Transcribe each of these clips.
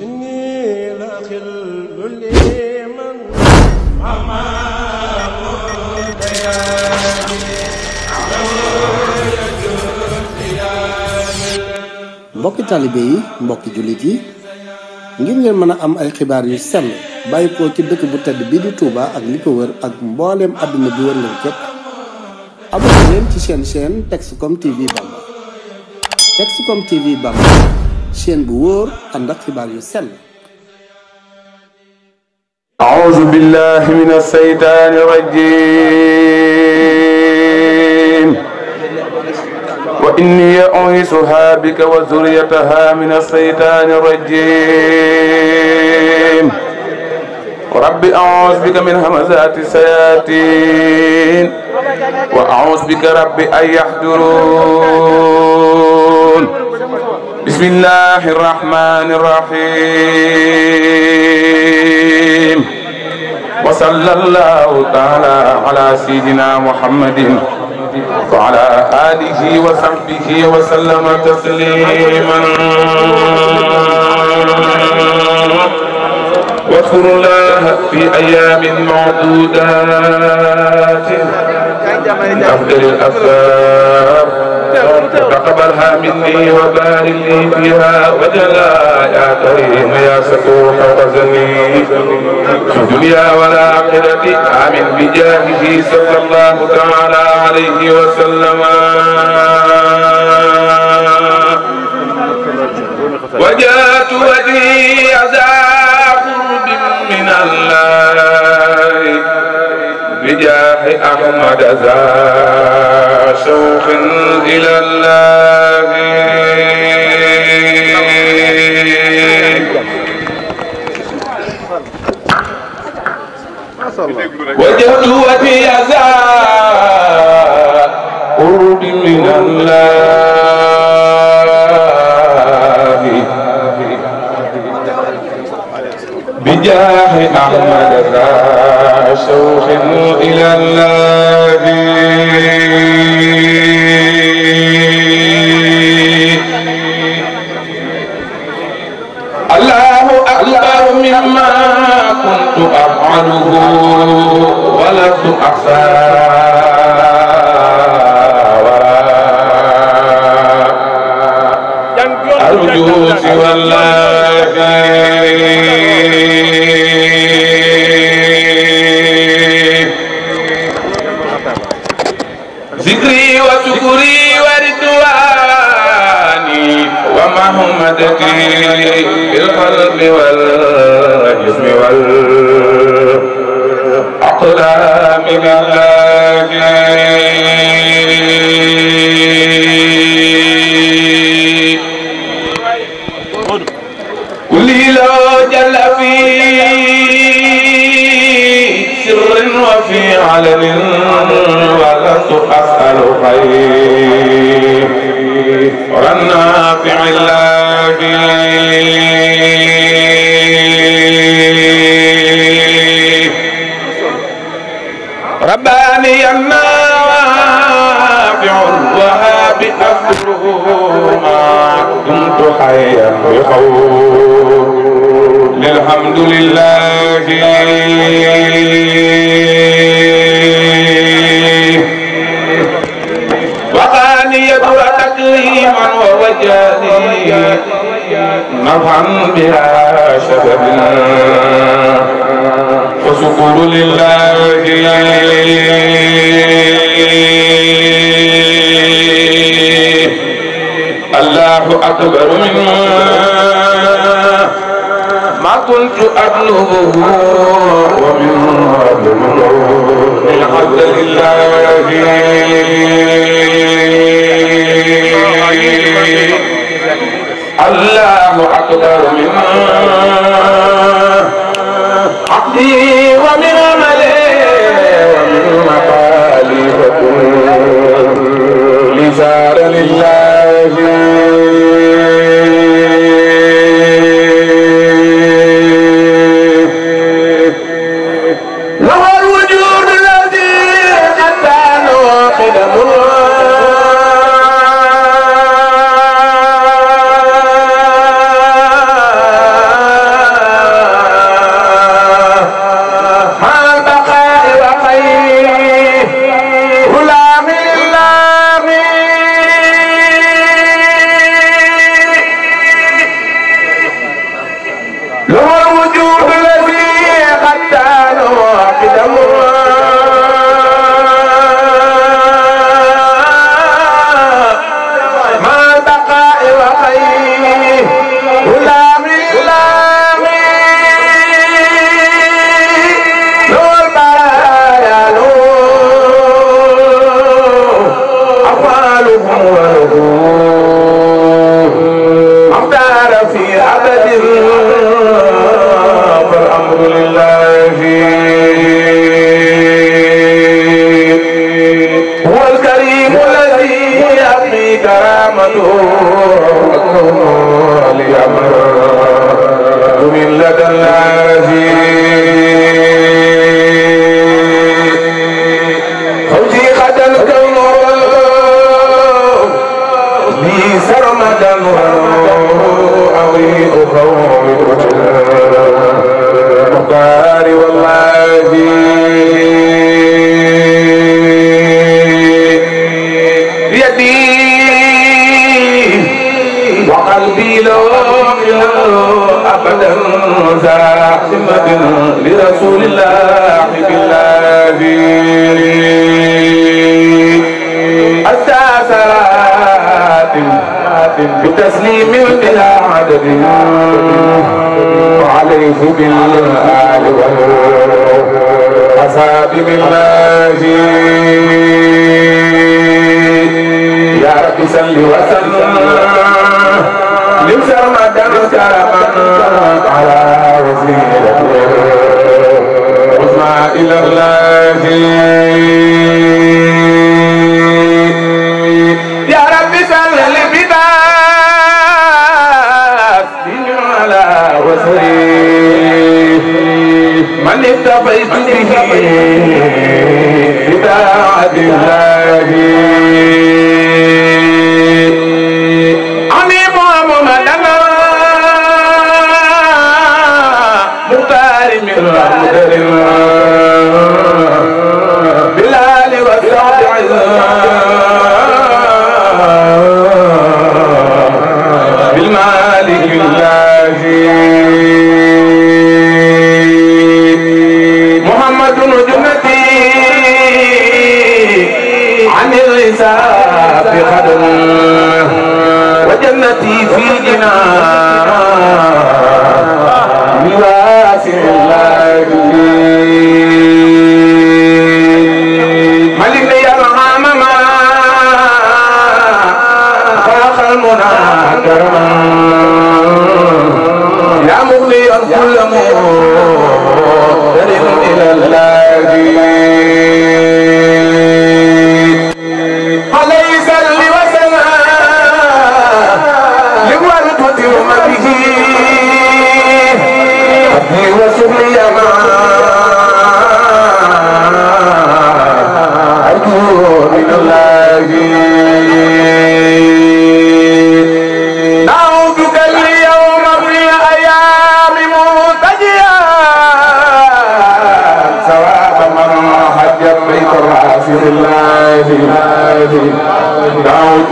mbokki taalibe yi mbokki jullit yi ngir ngeen mën a am ay xibaar yu sell bàyyi ko ci dëkk bu tedd bi di Touba ak li ko wër ak mbooleem àdduna bi wër ngeen képp abonné leen ci seen seen Texcom TV Bamba TV Bamba chaîne bu wóor ànd ak xibaar yu sell أعوذ بالله من الشيطان الرجيم وإني أعيذها بك وذريتها من الشيطان الرجيم رب أعوذ بك من همزات الشياطين وأعوذ بك رب أن يحضرون بسم الله الرحمن الرحيم وصلى الله تعالى على سيدنا محمد وعلى آله وصحبه وسلم تسليما واذكروا الله في أيام معدودات من أفضل الأفكار تقبلها مني وبارك لي فيها وجلا يا كريم يا ستور وزني في الدنيا والآخرة آمن بجاهه صلى الله تعالى عليه وسلم وجاءت وجهي أزاع قرب من الله بجاه أحمد زاد وشوق إلى الله وجدت وفي ذا قرب من الله بجاه أحمد ذا شوق إلى الله أكثر مما كنت أفعله ولست أحسن أرجو سوى الله ذكري وشكري وحدتي بالقلب والجسم والأقلام بالله كل لو جل في سر وفي علن ولست أسأل خير ورنا في علاه الحبيب رباني النافع الوهاب أفره ما دمت حيا بخوف الله أكبر مما ما كنت أطلبه ومن الحمد لله الله أكبر مما عبدي ومن ليملك من لدى العزيز فوزي غدا الكون لي سرمدا أولي أخوف بتسليم بلا عدد وعليه بالآل والحساب بالله يا رب سل وسلم لسرمدا كرما على وسيلته وما إلى الله بقدمه وجنتي في جناه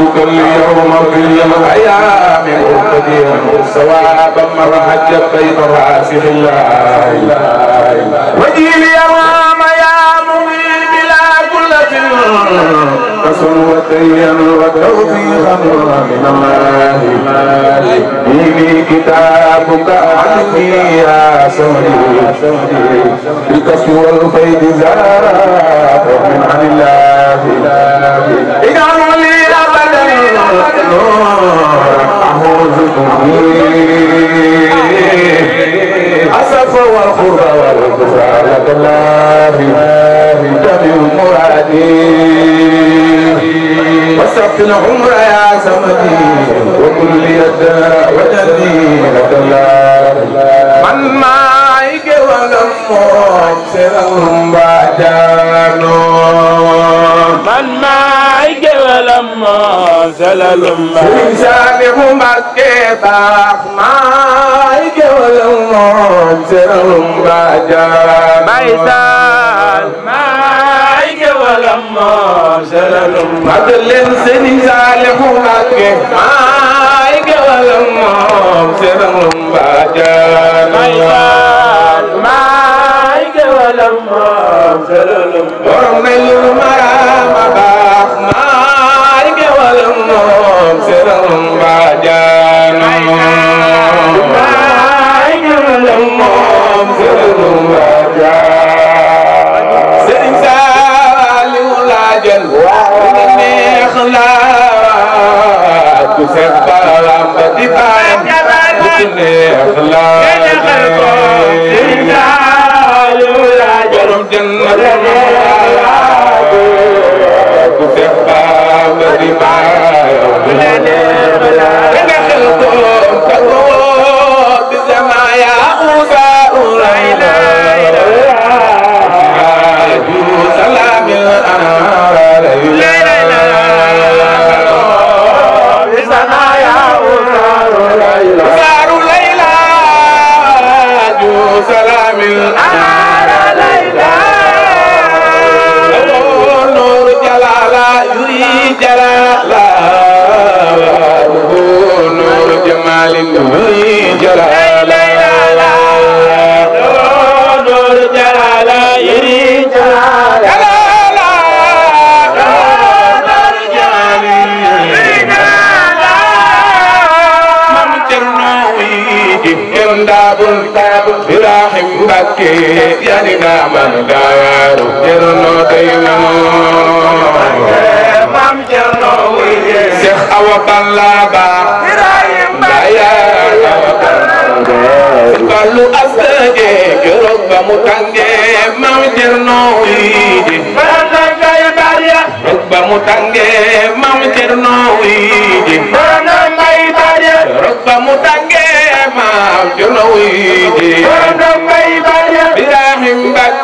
ربك اليوم في الأيام مبتديا ثوابا من حج بيت راس الله وجي اليوم يا مغي بلا كلة في وتوفيقا من الله ديني كتابك عني يا سمري لتصور الفيض زارا من عن الله إجعل أسف والخرب والكفر والله جميع مرادي وسقت العمر يا سمدي وكل يد وجدي لك الله من معك ولم مبصرهم بعدانو من معك لما زلل ما سالم مبكي باخ ما يجول ما زلل ما جاء بايسال ما يجول ما زلل ما دلن سني سالم مبكي ما يجول ما زلل ما جاء بايسال ما يجول ما زلل ما ku seet baaraam ba di baaraam ku ci neex laa jalaala ki yani na man daaru Cerno day maam Cerno wuye Cheikh Awa Balla Ba Ibrahim Ba Fallu asage keroog ba mu tàngee maam Cerno wuye Fallu asage keroog ba mu tàngee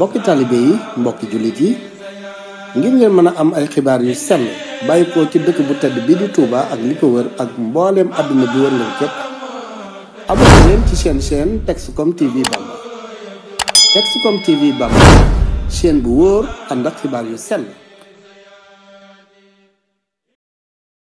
mbokki taalibe yi mbokki jullit yi ngir ngeen mën a am ay xibaar yu sell bàyyikoo ci dëkk bu tedd bi di Touba ak li ko wër ak mbooleem àdduna bi wër ngeen képp abonné leen ci seen chaîne Texcom TV Bamba Texcom TV Bamba chaîne bu wóor ànd ak xibaar yu sell